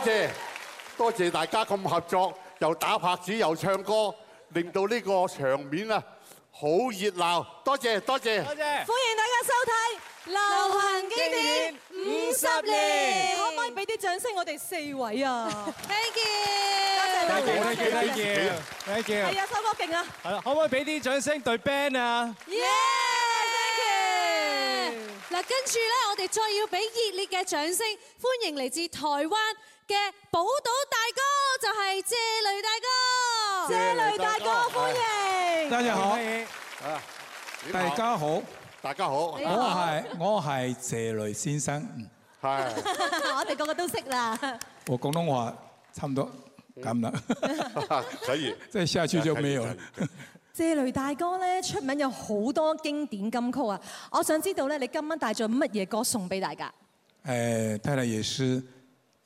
多謝，多謝大家咁合作，又打拍子又唱歌，令到呢個場面啊好熱鬧。多謝多謝，歡迎大家收睇流行經典五十年。可唔可以俾啲掌聲我哋四位啊？Thank you，多謝大家。多謝多謝多謝，Thank you。係啊，收歌勁啊。係啦，可唔可以俾啲掌聲對 band 啊？Yeah，Thank you。嗱，跟住咧，我哋再要俾熱烈嘅掌聲，歡迎嚟自台灣嘅寶島大哥就係、是、謝雷大哥，謝雷大哥歡迎。對大家好，大家好，大家好，我係我係謝雷先生，係對，我哋個個都識啦， 我廣東話差唔多咁啦，所 以，即係下次就沒有。 謝雷大哥咧出名有好多經典金曲啊，我想知道咧你今晚帶咗乜嘢歌送俾大家？誒、呃，帶來耶穌。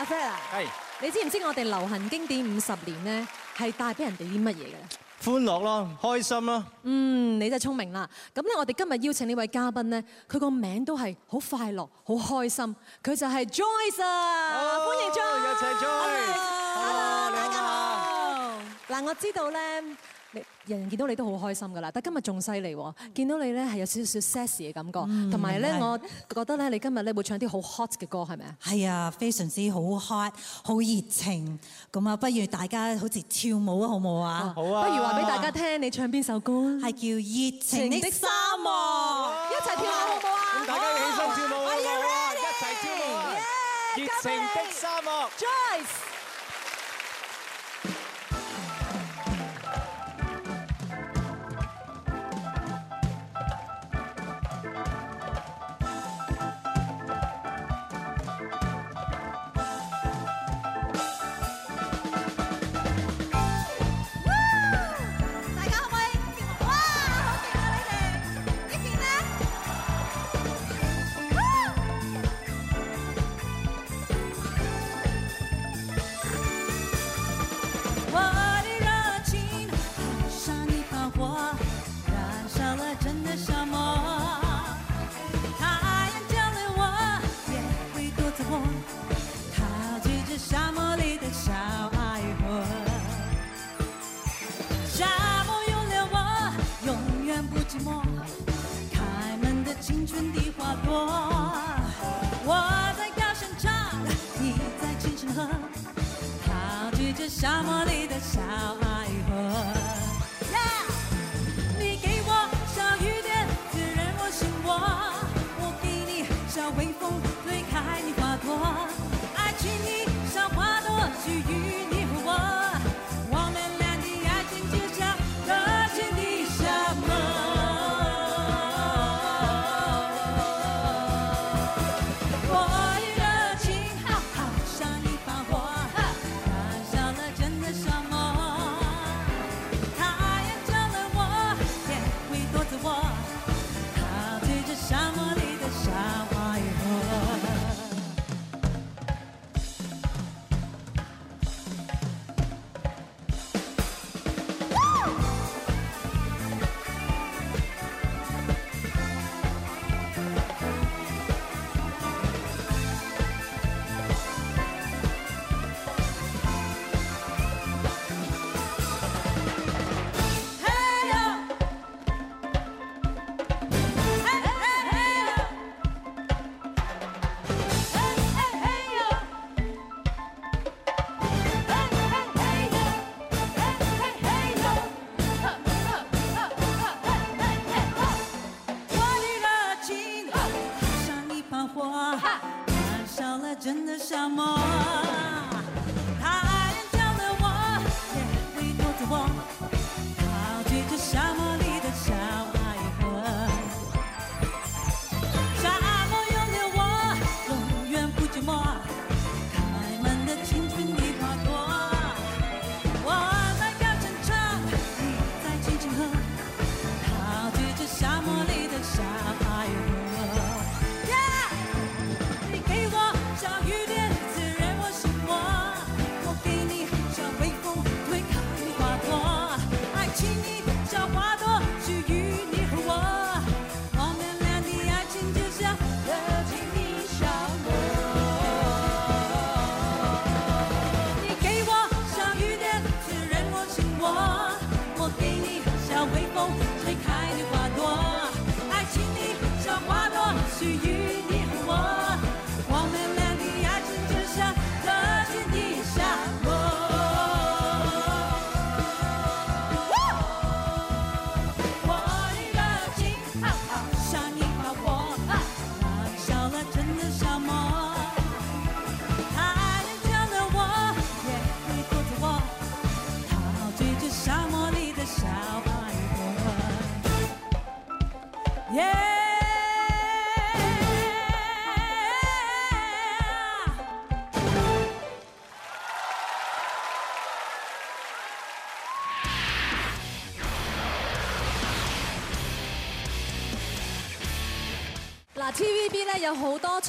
阿 f a r Hey. 你知唔知我哋流行經典五十年咧，係帶俾人哋啲乜嘢嘅？歡樂咯，開心咯。嗯，你真係聰明啦。咁咧，我哋今日邀請呢位嘉賓咧，佢個名都係好快樂，好開心。佢就係 Joyce 啊！Oh，歡迎 Joyce，有請 Joyce。Hello，大家好。嗱 hello.，我知道咧。人人見到你都好開心噶啦，但今日仲犀利，見到你咧係有少少 sexy 嘅感覺，同埋咧我覺得咧你今日咧會唱啲好 hot 嘅歌，係咪啊？係啊，非常之好 hot，好熱情，咁啊，不如大家好似跳舞啊，好唔好啊？好啊！不如話俾大家聽，你唱邊首歌？係叫《熱情的沙漠》，一齊跳舞好唔好啊？好，大家起身跳舞啊！我要！「ready！對熱情的沙漠你，Joyce。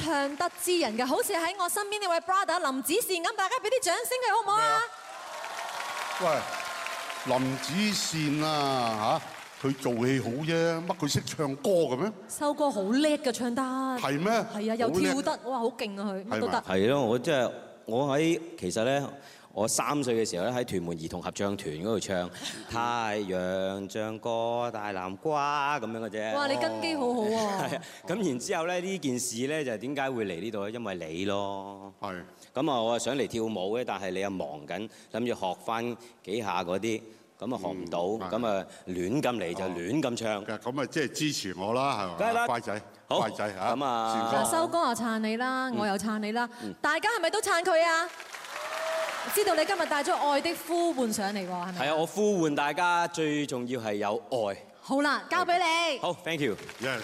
唱得之人嘅，好似喺我身邊呢位 brother 林子善咁，大家俾啲掌聲佢好唔好啊？喂，林子善啊吓，佢做戲好啫，乜佢識唱歌嘅咩？收歌好叻㗎，唱得。係咩？係啊，又跳得，哇，好勁啊佢，乜都得。係咯，我即係我喺其實咧。我三歲嘅時候咧，喺屯門兒童合唱團嗰度唱《太陽唱歌大南瓜》咁樣嘅啫。哇！你根基好好喎。係啊，咁然之後咧，呢件事咧就點解會嚟呢度咧？因為你咯。係。咁啊，我啊想嚟跳舞嘅，但係你又忙緊，諗住學翻幾下嗰啲，咁啊學唔到，咁啊亂咁嚟就亂咁唱。咁啊，即係支持我啦，係嘛？乖仔，乖乖乖啊、好，乖仔嚇，咁啊。修哥啊！撐你啦，我又撐你啦，大家係咪都撐佢啊？知道你今日帶咗《愛的呼喚》上嚟喎，係咪？係啊，我呼喚大家，最重要係有愛。好啦，交俾你。好，Thank you。Yes。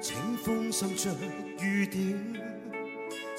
清風滲著雨點。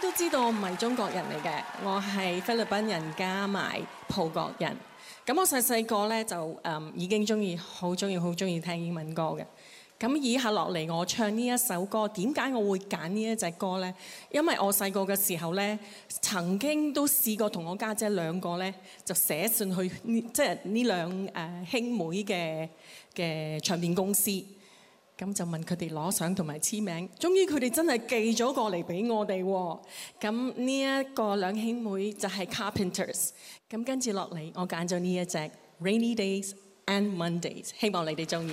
都知道我唔係中國人嚟嘅，我係菲律賓人加埋葡國人。咁我細細個咧就誒、嗯、已經中意，好中意，好中意聽英文歌嘅。咁以下落嚟我唱呢一首歌，點解我會揀呢一隻歌咧？因為我細個嘅時候咧，曾經都試過同我家姐，姐兩個咧，就寫信去呢，即係呢兩誒兄妹嘅嘅唱片公司。咁就問佢哋攞相同埋簽名，終於佢哋真係寄咗過嚟俾我哋。咁呢一個兩兄妹就係 Carpenters。咁跟住落嚟，我揀咗呢一隻 Rainy Days and Mondays，希望你哋中意。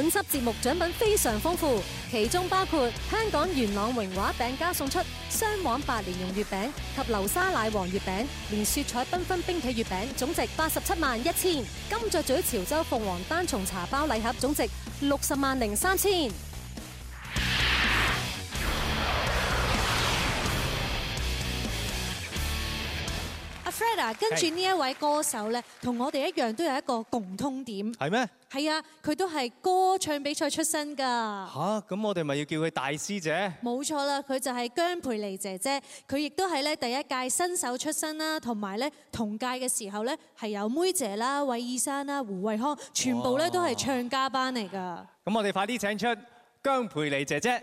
本輯節目獎品非常豐富，其中包括香港元朗榮華餅家送出雙黃白蓮蓉月餅及流沙奶黃月餅，連雪彩繽紛冰皮月餅總值八十七萬一千；金雀咀潮州鳳凰單欉茶包禮盒總值六十萬零三千。阿 Fred 啊跟住呢一位歌手呢，同我哋一樣都有一個共通點。係咩？係啊，佢都係歌唱比賽出身㗎、啊。嚇，咁我哋咪要叫佢大師姐？冇錯啦，佢就係姜蓓莉姐姐，佢亦都係咧第一屆新秀出身啦，同埋咧同屆嘅時候咧係有梅姐啦、韋綺珊啦、胡慧康，全部咧都係唱家班嚟㗎。咁我哋快啲請出姜蓓莉姐姐。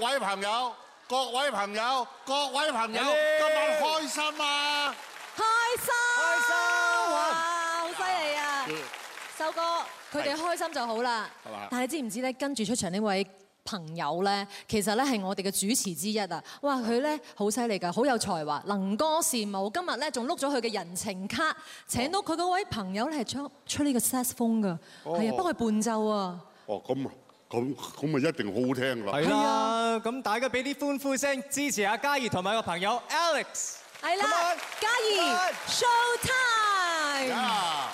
各位朋友，各位朋友，各位朋友，今晚吧開心啊，開心，開心哇！好犀利啊！哇修哥，佢哋是開心就好啦。係吧但係你知唔知咧？跟住出場呢位朋友咧，其實咧係我哋嘅主持之一啊！哇，佢咧好犀利㗎，好有才華，能歌善舞。今日咧仲碌咗佢嘅人情卡，請到佢嗰位朋友咧係出出呢個的薩克斯風㗎，係啊，不過係伴奏啊。哦，咁咁咁咪一定好好聽啦吧。係啊。咁大家俾啲歡呼聲支持下嘉怡同埋個朋友 Alex，係啦，嘉怡，Show Time！Yeah.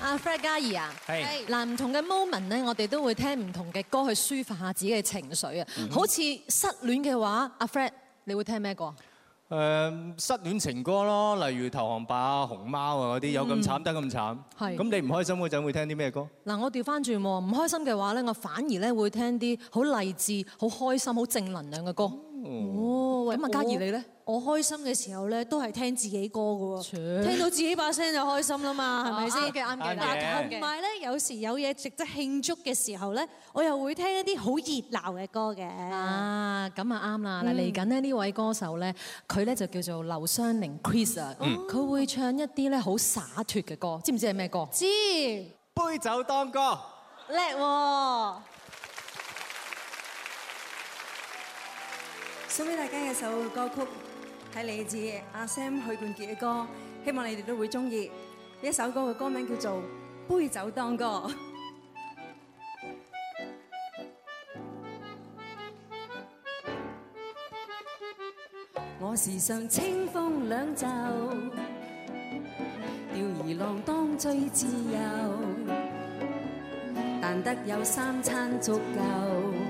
阿 Fred 嘉怡啊，嗱唔係同嘅 moment 咧，我哋都會聽唔同嘅歌去抒發下自己嘅情緒啊。嗯、好似失戀嘅話，阿 Fred 你會聽咩歌啊、呃？失戀情歌咯，例如《投降吧》、《熊貓》啊嗰啲，有咁慘得咁慘。係、嗯。咁係你唔開心嗰陣會聽啲咩歌？嗱、嗯、我調翻轉，唔開心嘅話咧，我反而咧會聽啲好勵志、好開心、好正能量嘅歌。哦，咁阿嘉怡你咧？我開心嘅時候咧，都係聽自己歌嘅喎，聽到自己把聲就開心啦嘛，係咪先？嘅啱嘅，同埋咧，有時有嘢值得慶祝嘅時候咧，我又會聽一啲好熱鬧嘅歌嘅、啊。啊，咁啊啱啦！嗱，嚟緊咧呢位歌手咧，佢咧就叫做樓雙甯。Chris 啊，佢會唱一啲咧好灑脱嘅歌，知唔知係咩歌？知，杯酒當歌、啊。叻喎！送俾大家嘅一首歌曲係嚟自阿 Sam 許冠傑嘅歌，希望你哋都會中意。呢一首歌嘅歌名叫做《杯酒當歌》。我時常清風兩袖，吊兒郎當最自由，但得有三餐足夠。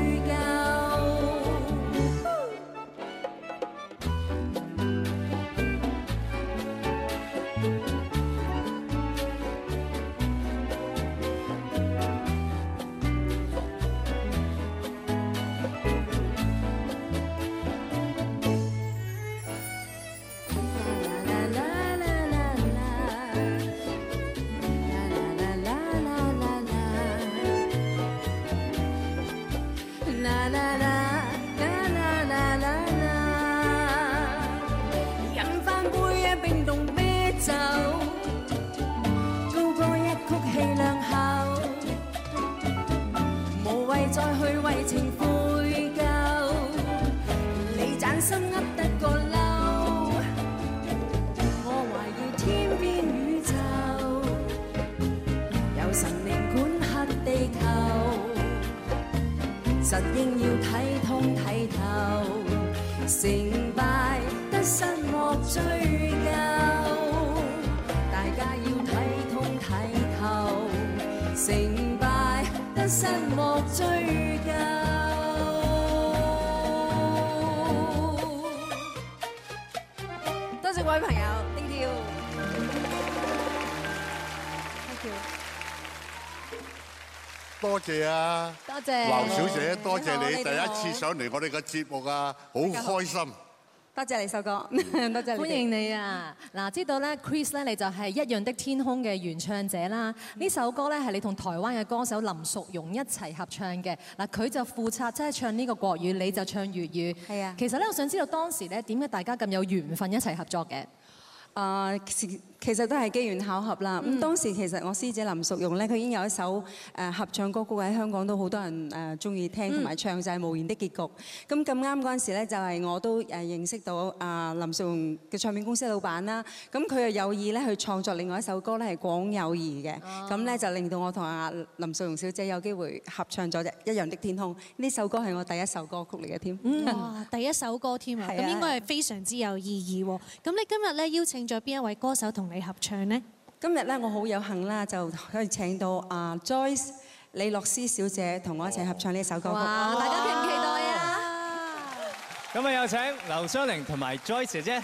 實應要睇通睇透，成敗得失莫追究。大家要睇通睇透，成敗得失莫追究。多謝啊，多謝劉小姐，多謝你第一次上嚟我哋嘅節目啊，好開心。多謝你首歌，多謝你。歡迎你啊！嗱，知道咧，Chris 咧，你就係《一樣的天空》嘅原唱者啦。呢首歌咧係你同台灣嘅歌手林淑容一齊合唱嘅。嗱，佢就負責，即係唱呢個國語，你就唱粵語。係啊。其實咧，我想知道當時咧，點解大家咁有緣分一齊合作嘅？啊，其實都係機緣巧合啦。咁當時其實我師姐林淑容呢，佢已經有一首誒、呃、合唱歌曲喺香港都好多人誒中意聽同埋唱、嗯、就係、是、無言的結局。咁咁啱嗰陣時咧，就係、是、我都誒認識到啊、呃、林淑容嘅唱片公司老闆啦。咁佢又有意咧去創作另外一首歌咧係講友誼嘅。咁咧、哦、就令到我同阿林淑容小姐有機會合唱咗隻一樣的天空。呢首歌係我第一首歌曲嚟嘅添。嗯、哇！第一首歌添啊，咁是、啊、應該係非常之有意義喎。咁你今日咧邀請咗邊一位歌手同？你合唱呢？今日咧，我好有幸啦，就可以請到啊 Joyce 李樂詩小姐同我一齊合唱呢一首歌曲。大家期唔期待啊？咁啊，有請樓雙甯同埋 Joyce 姐姐。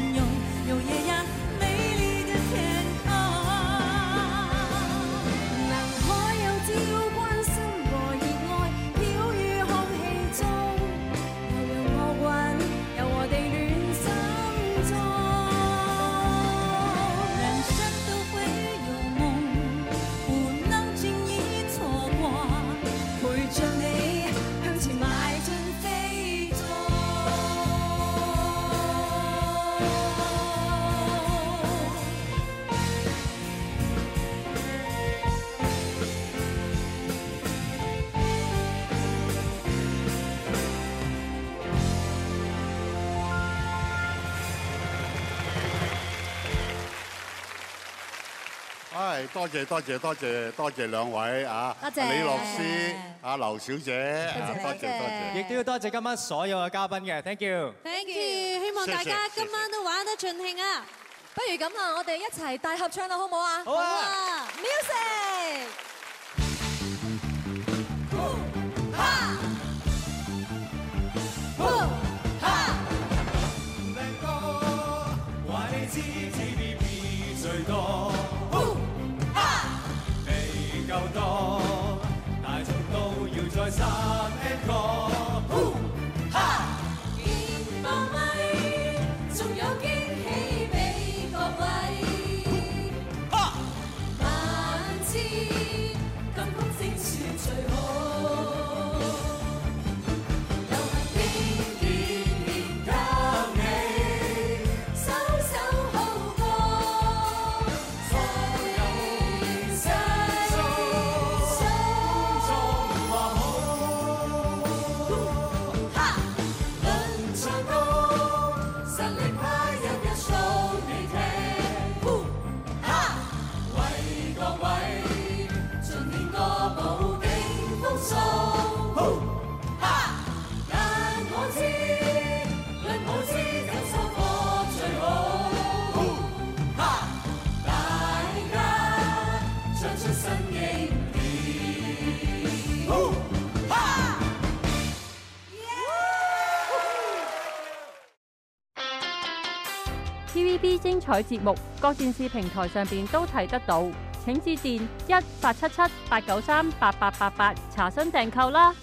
多謝多謝多謝多謝兩位啊，多謝李樂詩啊，劉對小姐，多謝多謝，亦都要多謝今晚所有嘅嘉賓嘅，thank you，thank you，希望大家今晚都玩得盡興啊！謝謝謝謝，不如咁啊，我哋一齊大合唱啦，好唔好啊？好啊，music。睇節目，各電視平台上邊都睇得到，請致電一八七七八九三八八八八查詢訂購啦。